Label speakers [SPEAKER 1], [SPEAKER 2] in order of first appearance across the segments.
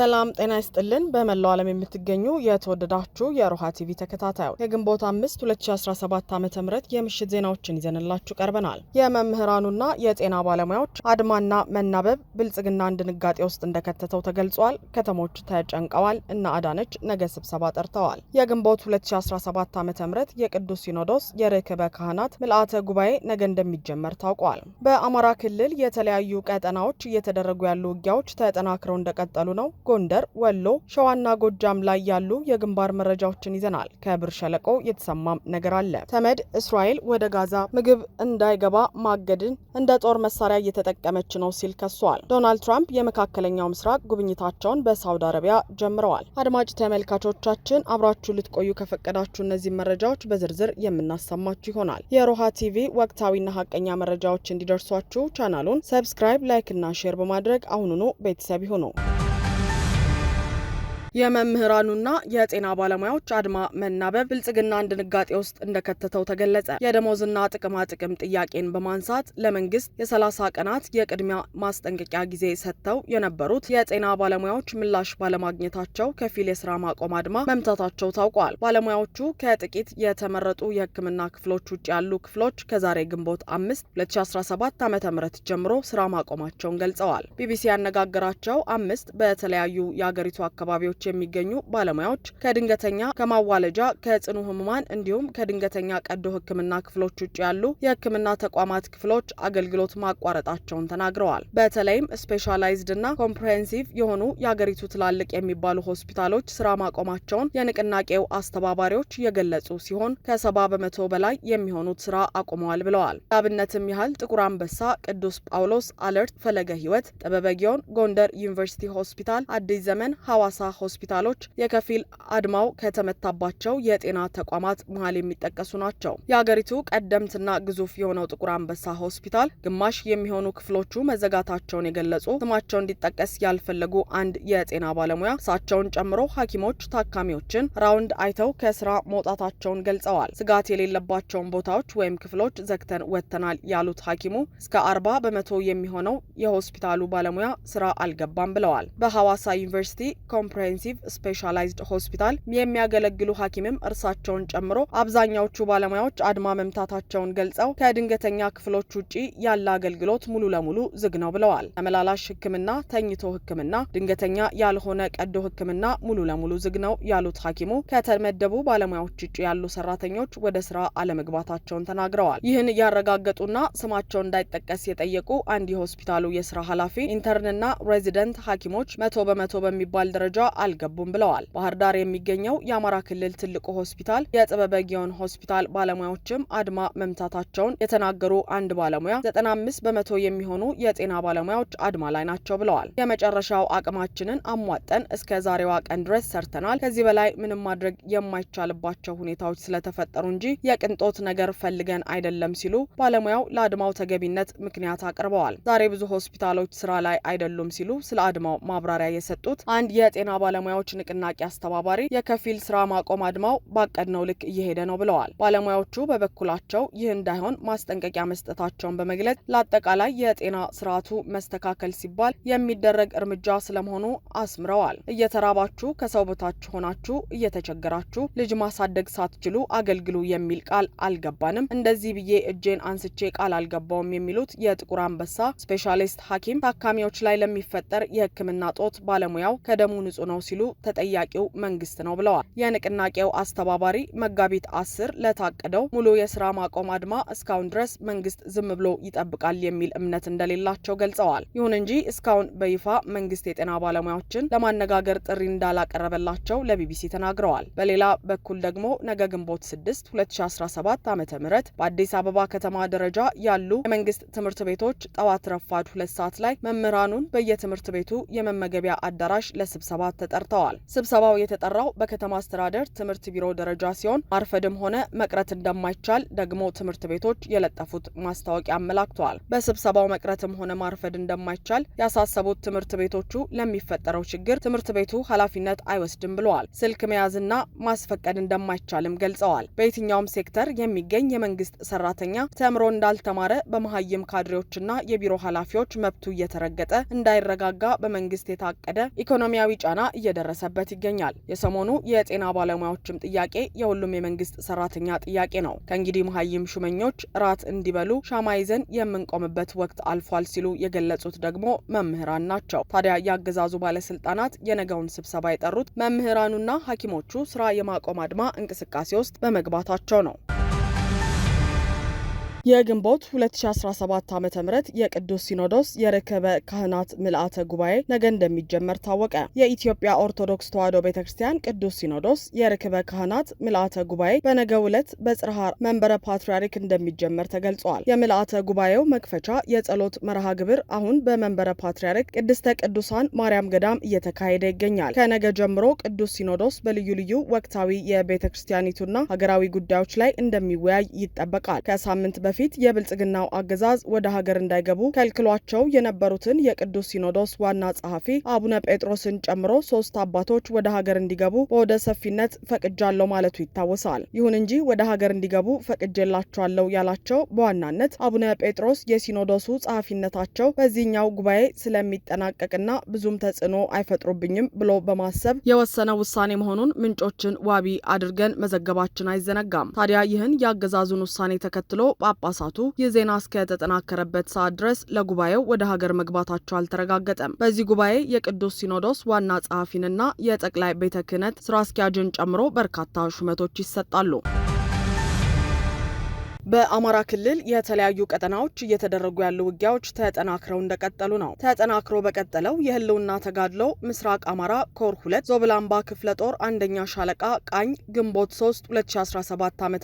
[SPEAKER 1] ሰላም ጤና ይስጥልን። በመላው ዓለም የምትገኙ የተወደዳችሁ የሮሃ ቲቪ ተከታታዮች የግንቦት አምስት 2017 ዓ ም የምሽት ዜናዎችን ይዘንላችሁ ቀርበናል። የመምህራኑና የጤና ባለሙያዎች አድማና መናበብ ብልጽግናን ድንጋጤ ውስጥ እንደከተተው ተገልጿል። ከተሞች ተጨንቀዋል እና አዳነች ነገ ስብሰባ ጠርተዋል። የግንቦት 2017 ዓ ም የቅዱስ ሲኖዶስ የርክበ ካህናት ምልአተ ጉባኤ ነገ እንደሚጀመር ታውቋል። በአማራ ክልል የተለያዩ ቀጠናዎች እየተደረጉ ያሉ ውጊያዎች ተጠናክረው እንደቀጠሉ ነው። ጎንደር፣ ወሎ፣ ሸዋና ጎጃም ላይ ያሉ የግንባር መረጃዎችን ይዘናል። ከብር ሸለቆ የተሰማም ነገር አለ። ተመድ እስራኤል ወደ ጋዛ ምግብ እንዳይገባ ማገድን እንደ ጦር መሳሪያ እየተጠቀመች ነው ሲል ከሷል። ዶናልድ ትራምፕ የመካከለኛው ምስራቅ ጉብኝታቸውን በሳውዲ አረቢያ ጀምረዋል። አድማጭ ተመልካቾቻችን አብራችሁ ልትቆዩ ከፈቀዳችሁ እነዚህ መረጃዎች በዝርዝር የምናሰማችሁ ይሆናል። የሮሃ ቲቪ ወቅታዊና ሀቀኛ መረጃዎች እንዲደርሷችሁ ቻናሉን ሰብስክራይብ፣ ላይክ እና ሼር በማድረግ አሁኑኑ ቤተሰብ ይሁኑ። የመምህራኑና የጤና ባለሙያዎች አድማ መናበብ ብልጽግናን ድንጋጤ ውስጥ እንደከተተው ተገለጸ። የደሞዝና ጥቅማ ጥቅም ጥያቄን በማንሳት ለመንግስት የ30 ቀናት የቅድሚያ ማስጠንቀቂያ ጊዜ ሰጥተው የነበሩት የጤና ባለሙያዎች ምላሽ ባለማግኘታቸው ከፊል የስራ ማቆም አድማ መምታታቸው ታውቋል። ባለሙያዎቹ ከጥቂት የተመረጡ የሕክምና ክፍሎች ውጭ ያሉ ክፍሎች ከዛሬ ግንቦት አምስት 2017 ዓ.ም ጀምሮ ስራ ማቆማቸውን ገልጸዋል። ቢቢሲ ያነጋገራቸው አምስት በተለያዩ የአገሪቱ አካባቢዎች ዘርፎች የሚገኙ ባለሙያዎች ከድንገተኛ ከማዋለጃ ከጽኑ ህሙማን እንዲሁም ከድንገተኛ ቀዶ ህክምና ክፍሎች ውጭ ያሉ የህክምና ተቋማት ክፍሎች አገልግሎት ማቋረጣቸውን ተናግረዋል። በተለይም ስፔሻላይዝድ እና ኮምፕሬሄንሲቭ የሆኑ የአገሪቱ ትላልቅ የሚባሉ ሆስፒታሎች ስራ ማቆማቸውን የንቅናቄው አስተባባሪዎች የገለጹ ሲሆን ከሰባ በመቶ በላይ የሚሆኑት ስራ አቁመዋል ብለዋል። ለአብነትም ያህል ጥቁር አንበሳ፣ ቅዱስ ጳውሎስ፣ አለርት፣ ፈለገ ህይወት፣ ጥበበጊዮን፣ ጎንደር ዩኒቨርሲቲ ሆስፒታል፣ አዲስ ዘመን፣ ሐዋሳ ሆስፒታሎች የከፊል አድማው ከተመታባቸው የጤና ተቋማት መሀል የሚጠቀሱ ናቸው። የሀገሪቱ ቀደምትና ግዙፍ የሆነው ጥቁር አንበሳ ሆስፒታል ግማሽ የሚሆኑ ክፍሎቹ መዘጋታቸውን የገለጹ ስማቸው እንዲጠቀስ ያልፈለጉ አንድ የጤና ባለሙያ እሳቸውን ጨምሮ ሐኪሞች ታካሚዎችን ራውንድ አይተው ከስራ መውጣታቸውን ገልጸዋል። ስጋት የሌለባቸውን ቦታዎች ወይም ክፍሎች ዘግተን ወጥተናል ያሉት ሐኪሙ እስከ አርባ በመቶ የሚሆነው የሆስፒታሉ ባለሙያ ስራ አልገባም ብለዋል። በሐዋሳ ዩኒቨርሲቲ ኮምፕሬን ኢንቴንሲቭ ስፔሻላይዝድ ሆስፒታል የሚያገለግሉ ሐኪምም እርሳቸውን ጨምሮ አብዛኛዎቹ ባለሙያዎች አድማ መምታታቸውን ገልጸው ከድንገተኛ ክፍሎች ውጪ ያለ አገልግሎት ሙሉ ለሙሉ ዝግ ነው ብለዋል። ተመላላሽ ሕክምና፣ ተኝቶ ሕክምና፣ ድንገተኛ ያልሆነ ቀዶ ሕክምና ሙሉ ለሙሉ ዝግ ነው ያሉት ሐኪሙ ከተመደቡ ባለሙያዎች ውጭ ያሉ ሰራተኞች ወደ ስራ አለመግባታቸውን ተናግረዋል። ይህን ያረጋገጡና ስማቸው እንዳይጠቀስ የጠየቁ አንድ የሆስፒታሉ የስራ ኃላፊ ኢንተርንና ሬዚደንት ሐኪሞች መቶ በመቶ በሚባል ደረጃ አልገቡም ብለዋል። ባህር ዳር የሚገኘው የአማራ ክልል ትልቁ ሆስፒታል የጥበበ ሆስፒታል ባለሙያዎችም አድማ መምታታቸውን የተናገሩ አንድ ባለሙያ ዘጠና አምስት በመቶ የሚሆኑ የጤና ባለሙያዎች አድማ ላይ ናቸው ብለዋል። የመጨረሻው አቅማችንን አሟጠን እስከ ዛሬዋ ቀን ድረስ ሰርተናል። ከዚህ በላይ ምንም ማድረግ የማይቻልባቸው ሁኔታዎች ስለተፈጠሩ እንጂ የቅንጦት ነገር ፈልገን አይደለም ሲሉ ባለሙያው ለአድማው ተገቢነት ምክንያት አቅርበዋል። ዛሬ ብዙ ሆስፒታሎች ስራ ላይ አይደሉም ሲሉ ስለ አድማው ማብራሪያ የሰጡት አንድ የጤና ባለ ባለሙያዎች ንቅናቄ አስተባባሪ የከፊል ስራ ማቆም አድማው ባቀድነው ልክ እየሄደ ነው ብለዋል። ባለሙያዎቹ በበኩላቸው ይህ እንዳይሆን ማስጠንቀቂያ መስጠታቸውን በመግለጽ ለአጠቃላይ የጤና ስርዓቱ መስተካከል ሲባል የሚደረግ እርምጃ ስለመሆኑ አስምረዋል። እየተራባችሁ ከሰው በታች ሆናችሁ እየተቸገራችሁ ልጅ ማሳደግ ሳትችሉ አገልግሉ የሚል ቃል አልገባንም። እንደዚህ ብዬ እጄን አንስቼ ቃል አልገባውም የሚሉት የጥቁር አንበሳ ስፔሻሊስት ሐኪም ታካሚዎች ላይ ለሚፈጠር የሕክምና ጦት ባለሙያው ከደሙ ንጹህ ነው ሲሉ ተጠያቂው መንግስት ነው ብለዋል። የንቅናቄው አስተባባሪ መጋቢት አስር ለታቀደው ሙሉ የስራ ማቆም አድማ እስካሁን ድረስ መንግስት ዝም ብሎ ይጠብቃል የሚል እምነት እንደሌላቸው ገልጸዋል። ይሁን እንጂ እስካሁን በይፋ መንግስት የጤና ባለሙያዎችን ለማነጋገር ጥሪ እንዳላቀረበላቸው ለቢቢሲ ተናግረዋል። በሌላ በኩል ደግሞ ነገ ግንቦት 6 2017 ዓ ም በአዲስ አበባ ከተማ ደረጃ ያሉ የመንግስት ትምህርት ቤቶች ጠዋት ረፋድ ሁለት ሰዓት ላይ መምህራኑን በየትምህርት ቤቱ የመመገቢያ አዳራሽ ለስብሰባ ተጠርተዋል። ስብሰባው የተጠራው በከተማ አስተዳደር ትምህርት ቢሮ ደረጃ ሲሆን ማርፈድም ሆነ መቅረት እንደማይቻል ደግሞ ትምህርት ቤቶች የለጠፉት ማስታወቂያ አመላክተዋል። በስብሰባው መቅረትም ሆነ ማርፈድ እንደማይቻል ያሳሰቡት ትምህርት ቤቶቹ ለሚፈጠረው ችግር ትምህርት ቤቱ ኃላፊነት አይወስድም ብለዋል። ስልክ መያዝና ማስፈቀድ እንደማይቻልም ገልጸዋል። በየትኛውም ሴክተር የሚገኝ የመንግስት ሰራተኛ ተምሮ እንዳልተማረ በመሀይም ካድሬዎችና የቢሮ ኃላፊዎች መብቱ እየተረገጠ እንዳይረጋጋ በመንግስት የታቀደ ኢኮኖሚያዊ ጫና እየደረሰበት ይገኛል። የሰሞኑ የጤና ባለሙያዎችም ጥያቄ የሁሉም የመንግስት ሰራተኛ ጥያቄ ነው። ከእንግዲህ መሀይም ሹመኞች ራት እንዲበሉ ሻማ ይዘን የምንቆምበት ወቅት አልፏል ሲሉ የገለጹት ደግሞ መምህራን ናቸው። ታዲያ የአገዛዙ ባለስልጣናት የነገውን ስብሰባ የጠሩት መምህራኑና ሐኪሞቹ ስራ የማቆም አድማ እንቅስቃሴ ውስጥ በመግባታቸው ነው። የግንቦት 2017 ዓ ም የቅዱስ ሲኖዶስ የርክበ ካህናት ምልአተ ጉባኤ ነገ እንደሚጀመር ታወቀ። የኢትዮጵያ ኦርቶዶክስ ተዋሕዶ ቤተ ክርስቲያን ቅዱስ ሲኖዶስ የርክበ ካህናት ምልአተ ጉባኤ በነገ ዕለት በጽርሐ መንበረ ፓትርያርክ እንደሚጀመር ተገልጿል። የምልአተ ጉባኤው መክፈቻ የጸሎት መርሃ ግብር አሁን በመንበረ ፓትርያርክ ቅድስተ ቅዱሳን ማርያም ገዳም እየተካሄደ ይገኛል። ከነገ ጀምሮ ቅዱስ ሲኖዶስ በልዩ ልዩ ወቅታዊ የቤተ ክርስቲያኒቱና ሀገራዊ ጉዳዮች ላይ እንደሚወያይ ይጠበቃል። ከሳምንት በፊት በፊት የብልጽግናው አገዛዝ ወደ ሀገር እንዳይገቡ ከልክሏቸው የነበሩትን የቅዱስ ሲኖዶስ ዋና ጸሐፊ አቡነ ጴጥሮስን ጨምሮ ሶስት አባቶች ወደ ሀገር እንዲገቡ በወደ ሰፊነት ፈቅጃለሁ ማለቱ ይታወሳል። ይሁን እንጂ ወደ ሀገር እንዲገቡ ፈቅጄላቸዋለሁ ያላቸው በዋናነት አቡነ ጴጥሮስ የሲኖዶሱ ጸሐፊነታቸው በዚህኛው ጉባኤ ስለሚጠናቀቅና ብዙም ተጽዕኖ አይፈጥሩብኝም ብሎ በማሰብ የወሰነ ውሳኔ መሆኑን ምንጮችን ዋቢ አድርገን መዘገባችን አይዘነጋም። ታዲያ ይህን የአገዛዙን ውሳኔ ተከትሎ ጳጳሳቱ ይህ ዜና እስከተጠናከረበት ሰዓት ድረስ ለጉባኤው ወደ ሀገር መግባታቸው አልተረጋገጠም። በዚህ ጉባኤ የቅዱስ ሲኖዶስ ዋና ጸሐፊንና የጠቅላይ ቤተ ክህነት ስራ አስኪያጅን ጨምሮ በርካታ ሹመቶች ይሰጣሉ። በአማራ ክልል የተለያዩ ቀጠናዎች እየተደረጉ ያሉ ውጊያዎች ተጠናክረው እንደቀጠሉ ነው። ተጠናክሮ በቀጠለው የህልውና ተጋድሎ ምስራቅ አማራ ኮር ሁለት ዞብላምባ ክፍለ ጦር አንደኛ ሻለቃ ቃኝ ግንቦት 3 2017 ዓ.ም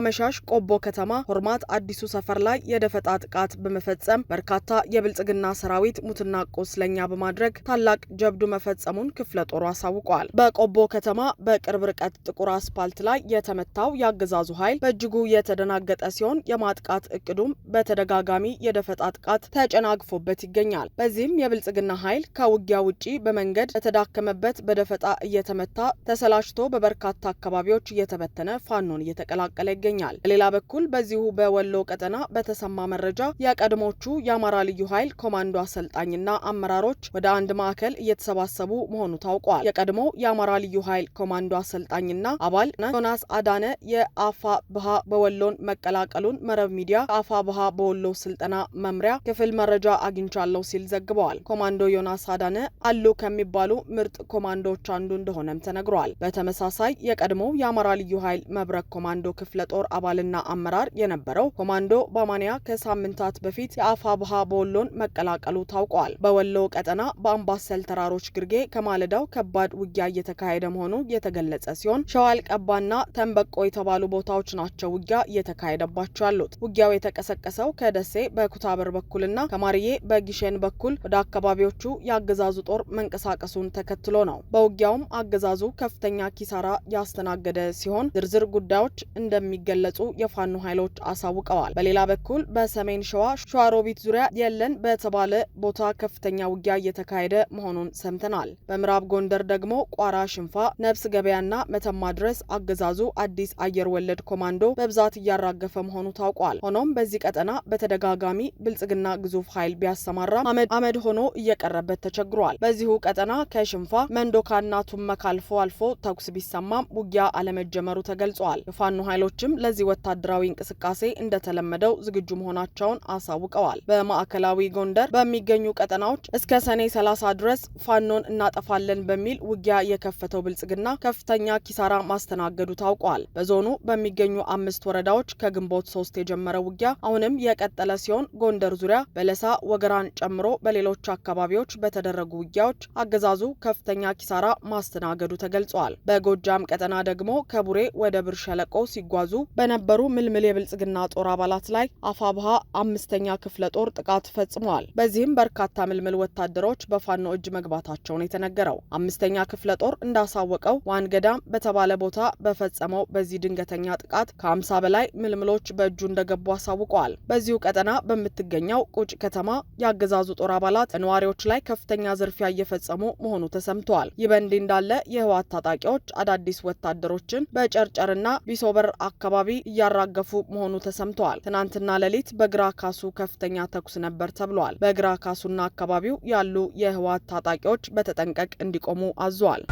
[SPEAKER 1] አመሻሽ ቆቦ ከተማ ሆርማት አዲሱ ሰፈር ላይ የደፈጣ ጥቃት በመፈጸም በርካታ የብልጽግና ሰራዊት ሙትና ቆስለኛ በማድረግ ታላቅ ጀብዱ መፈጸሙን ክፍለ ጦሩ አሳውቋል። በቆቦ ከተማ በቅርብ ርቀት ጥቁር አስፓልት ላይ የተመታው የአገዛዙ ኃይል በእጅጉ የተደናገጠ ሲሆን የማጥቃት እቅዱም በተደጋጋሚ የደፈጣ ጥቃት ተጨናግፎበት ይገኛል። በዚህም የብልጽግና ኃይል ከውጊያ ውጪ በመንገድ በተዳከመበት በደፈጣ እየተመታ ተሰላችቶ በበርካታ አካባቢዎች እየተበተነ ፋኖን እየተቀላቀለ ይገኛል። በሌላ በኩል በዚሁ በወሎ ቀጠና በተሰማ መረጃ የቀድሞቹ የአማራ ልዩ ኃይል ኮማንዶ አሰልጣኝና አመራሮች ወደ አንድ ማዕከል እየተሰባሰቡ መሆኑ ታውቋል። የቀድሞ የአማራ ልዩ ኃይል ኮማንዶ አሰልጣኝና አባል ዮናስ አዳነ የአፋ ብሃ በወሎን መቀላ መቀላቀሉን መረብ ሚዲያ ባሃ በወሎ ስልጠና መምሪያ ክፍል መረጃ አግኝቻለሁ ሲል ዘግበዋል። ኮማንዶ ዮናስ አዳነ አሉ ከሚባሉ ምርጥ ኮማንዶዎች አንዱ እንደሆነም ተነግሯል። በተመሳሳይ የቀድሞው የአማራ ልዩ ኃይል መብረክ ኮማንዶ ክፍለ ጦር አባልና አመራር የነበረው ኮማንዶ በማንያ ከሳምንታት በፊት የአፋ ባሃ በወሎን መቀላቀሉ ታውቋል። በወሎ ቀጠና በአምባሰል ተራሮች ግርጌ ከማለዳው ከባድ ውጊያ እየተካሄደ መሆኑ የተገለጸ ሲሆን ሸዋል ቀባና ተንበቆ የተባሉ ቦታዎች ናቸው ውጊያ እየተካሄደ እየተካሄደባቸው ያሉት። ውጊያው የተቀሰቀሰው ከደሴ በኩታበር በኩልና ከማርዬ በጊሸን በኩል ወደ አካባቢዎቹ የአገዛዙ ጦር መንቀሳቀሱን ተከትሎ ነው። በውጊያውም አገዛዙ ከፍተኛ ኪሳራ ያስተናገደ ሲሆን ዝርዝር ጉዳዮች እንደሚገለጹ የፋኖ ኃይሎች አሳውቀዋል። በሌላ በኩል በሰሜን ሸዋ ሸዋሮቢት ዙሪያ የለን በተባለ ቦታ ከፍተኛ ውጊያ እየተካሄደ መሆኑን ሰምተናል። በምዕራብ ጎንደር ደግሞ ቋራ፣ ሽንፋ፣ ነብስ ገበያና መተማ ድረስ አገዛዙ አዲስ አየር ወለድ ኮማንዶ በብዛት እያራገፈ ያረፈ መሆኑ ታውቋል። ሆኖም በዚህ ቀጠና በተደጋጋሚ ብልጽግና ግዙፍ ኃይል ቢያሰማራም አመድ ሆኖ እየቀረበት ተቸግሯል። በዚሁ ቀጠና ከሽንፋ መንዶካና ቱመካ አልፎ አልፎ ተኩስ ቢሰማም ውጊያ አለመጀመሩ ተገልጿል። የፋኖ ኃይሎችም ለዚህ ወታደራዊ እንቅስቃሴ እንደተለመደው ዝግጁ መሆናቸውን አሳውቀዋል። በማዕከላዊ ጎንደር በሚገኙ ቀጠናዎች እስከ ሰኔ 30 ድረስ ፋኖን እናጠፋለን በሚል ውጊያ የከፈተው ብልጽግና ከፍተኛ ኪሳራ ማስተናገዱ ታውቋል። በዞኑ በሚገኙ አምስት ወረዳዎች ከግ ግንቦት ሶስት የጀመረው ውጊያ አሁንም የቀጠለ ሲሆን ጎንደር ዙሪያ በለሳ ወገራን ጨምሮ በሌሎች አካባቢዎች በተደረጉ ውጊያዎች አገዛዙ ከፍተኛ ኪሳራ ማስተናገዱ ተገልጿል። በጎጃም ቀጠና ደግሞ ከቡሬ ወደ ብር ሸለቆ ሲጓዙ በነበሩ ምልምል የብልጽግና ጦር አባላት ላይ አፋብሃ አምስተኛ ክፍለ ጦር ጥቃት ፈጽመዋል። በዚህም በርካታ ምልምል ወታደሮች በፋኖ እጅ መግባታቸውን የተነገረው አምስተኛ ክፍለ ጦር እንዳሳወቀው ዋንገዳም በተባለ ቦታ በፈጸመው በዚህ ድንገተኛ ጥቃት ከ50 በላይ ምልምል ምልምሎች በእጁ እንደገቡ አሳውቀዋል። በዚሁ ቀጠና በምትገኘው ቁጭ ከተማ የአገዛዙ ጦር አባላት በነዋሪዎች ላይ ከፍተኛ ዝርፊያ እየፈጸሙ መሆኑ ተሰምተዋል። ይህ በእንዲህ እንዳለ የህወሓት ታጣቂዎች አዳዲስ ወታደሮችን በጨርጨርና ቢሶበር አካባቢ እያራገፉ መሆኑ ተሰምተዋል። ትናንትና ሌሊት በግራ ካሱ ከፍተኛ ተኩስ ነበር ተብለዋል። በግራ ካሱና አካባቢው ያሉ የህወሓት ታጣቂዎች በተጠንቀቅ እንዲቆሙ አዟል።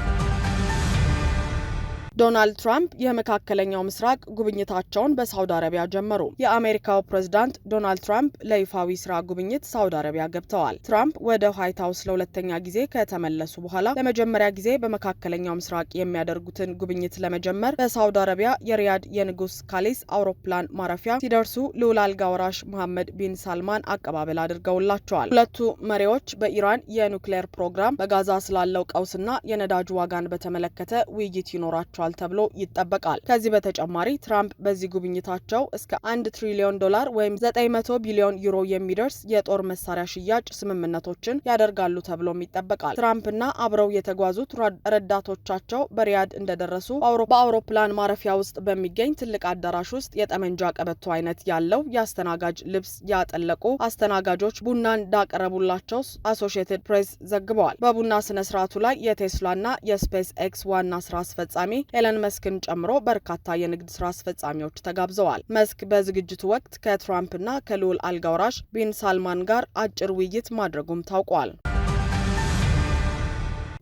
[SPEAKER 1] ዶናልድ ትራምፕ የመካከለኛው ምስራቅ ጉብኝታቸውን በሳውዲ አረቢያ ጀመሩ። የአሜሪካው ፕሬዝዳንት ዶናልድ ትራምፕ ለይፋዊ ስራ ጉብኝት ሳውዲ አረቢያ ገብተዋል። ትራምፕ ወደ ዋይት ሀውስ ለሁለተኛ ጊዜ ከተመለሱ በኋላ ለመጀመሪያ ጊዜ በመካከለኛው ምስራቅ የሚያደርጉትን ጉብኝት ለመጀመር በሳውዲ አረቢያ የሪያድ የንጉስ ካሊስ አውሮፕላን ማረፊያ ሲደርሱ ልዑል አልጋ ወራሽ መሐመድ ቢን ሳልማን አቀባበል አድርገውላቸዋል። ሁለቱ መሪዎች በኢራን የኑክሌር ፕሮግራም፣ በጋዛ ስላለው ቀውስና የነዳጅ ዋጋን በተመለከተ ውይይት ይኖራቸዋል ይኖራቸዋል ተብሎ ይጠበቃል። ከዚህ በተጨማሪ ትራምፕ በዚህ ጉብኝታቸው እስከ አንድ ትሪሊዮን ዶላር ወይም መቶ ቢሊዮን ዩሮ የሚደርስ የጦር መሳሪያ ሽያጭ ስምምነቶችን ያደርጋሉ ተብሎም ይጠበቃል። ትራምፕና አብረው የተጓዙት ረዳቶቻቸው በሪያድ እንደደረሱ በአውሮፕላን ማረፊያ ውስጥ በሚገኝ ትልቅ አዳራሽ ውስጥ የጠመንጃ ቀበቶ አይነት ያለው የአስተናጋጅ ልብስ ያጠለቁ አስተናጋጆች ቡና እንዳቀረቡላቸው አሶሺየትድ ፕሬስ ዘግበዋል። በቡና ስነ ስርዓቱ ላይ የቴስላና የስፔስ ኤክስ ዋና ስራ አስፈጻሚ ኤለን መስክን ጨምሮ በርካታ የንግድ ስራ አስፈጻሚዎች ተጋብዘዋል። መስክ በዝግጅቱ ወቅት ከትራምፕና ከልዑል አልጋውራሽ ቢን ሳልማን ጋር አጭር ውይይት ማድረጉም ታውቋል።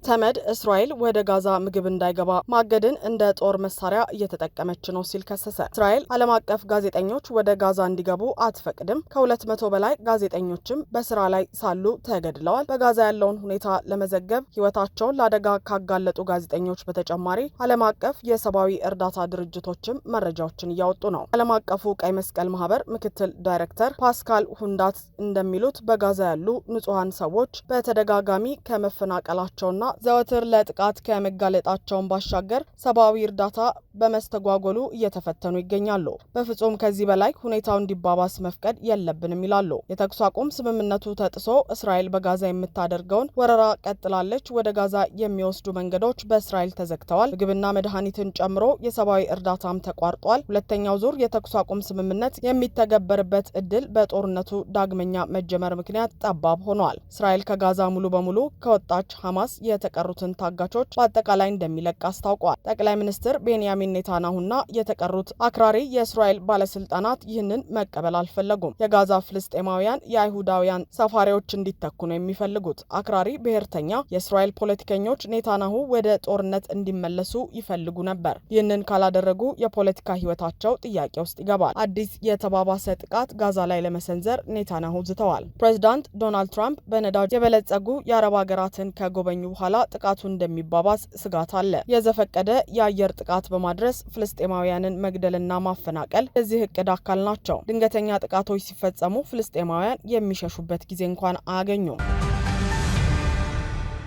[SPEAKER 1] ተመድ እስራኤል ወደ ጋዛ ምግብ እንዳይገባ ማገድን እንደ ጦር መሳሪያ እየተጠቀመች ነው ሲል ከሰሰ። እስራኤል ዓለም አቀፍ ጋዜጠኞች ወደ ጋዛ እንዲገቡ አትፈቅድም። ከሁለት መቶ በላይ ጋዜጠኞችም በስራ ላይ ሳሉ ተገድለዋል። በጋዛ ያለውን ሁኔታ ለመዘገብ ሕይወታቸውን ለአደጋ ካጋለጡ ጋዜጠኞች በተጨማሪ ዓለም አቀፍ የሰብአዊ እርዳታ ድርጅቶችም መረጃዎችን እያወጡ ነው። ዓለም አቀፉ ቀይ መስቀል ማህበር ምክትል ዳይሬክተር ፓስካል ሁንዳት እንደሚሉት በጋዛ ያሉ ንጹሐን ሰዎች በተደጋጋሚ ከመፈናቀላቸውና ዘወትር ለጥቃት ከመጋለጣቸውን ባሻገር ሰብአዊ እርዳታ በመስተጓጎሉ እየተፈተኑ ይገኛሉ። በፍጹም ከዚህ በላይ ሁኔታው እንዲባባስ መፍቀድ የለብንም ይላሉ። የተኩስ አቁም ስምምነቱ ተጥሶ እስራኤል በጋዛ የምታደርገውን ወረራ ቀጥላለች። ወደ ጋዛ የሚወስዱ መንገዶች በእስራኤል ተዘግተዋል። ምግብና መድኃኒትን ጨምሮ የሰብአዊ እርዳታም ተቋርጧል። ሁለተኛው ዙር የተኩስ አቁም ስምምነት የሚተገበርበት እድል በጦርነቱ ዳግመኛ መጀመር ምክንያት ጠባብ ሆኗል። እስራኤል ከጋዛ ሙሉ በሙሉ ከወጣች ሐማስ የተቀሩትን ታጋቾች በአጠቃላይ እንደሚለቅ አስታውቋል። ጠቅላይ ሚኒስትር ቤንያሚን ኔታናሁና የተቀሩት አክራሪ የእስራኤል ባለስልጣናት ይህንን መቀበል አልፈለጉም። የጋዛ ፍልስጤማውያን የአይሁዳውያን ሰፋሪዎች እንዲተኩ ነው የሚፈልጉት። አክራሪ ብሔርተኛ የእስራኤል ፖለቲከኞች ኔታናሁ ወደ ጦርነት እንዲመለሱ ይፈልጉ ነበር። ይህንን ካላደረጉ የፖለቲካ ህይወታቸው ጥያቄ ውስጥ ይገባል። አዲስ የተባባሰ ጥቃት ጋዛ ላይ ለመሰንዘር ኔታንያሁ ዝተዋል። ፕሬዚዳንት ዶናልድ ትራምፕ በነዳጅ የበለጸጉ የአረብ ሀገራትን ከጎበኙ በኋላ በኋላ ጥቃቱ እንደሚባባስ ስጋት አለ። የዘፈቀደ የአየር ጥቃት በማድረስ ፍልስጤማውያንን መግደልና ማፈናቀል የዚህ እቅድ አካል ናቸው። ድንገተኛ ጥቃቶች ሲፈጸሙ ፍልስጤማውያን የሚሸሹበት ጊዜ እንኳን አያገኙም።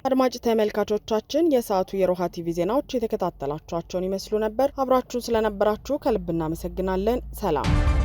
[SPEAKER 1] አድማጭ ተመልካቾቻችን የሰዓቱ የሮሃ ቲቪ ዜናዎች የተከታተላችኋቸውን ይመስሉ ነበር። አብራችሁን ስለነበራችሁ ከልብ እናመሰግናለን። ሰላም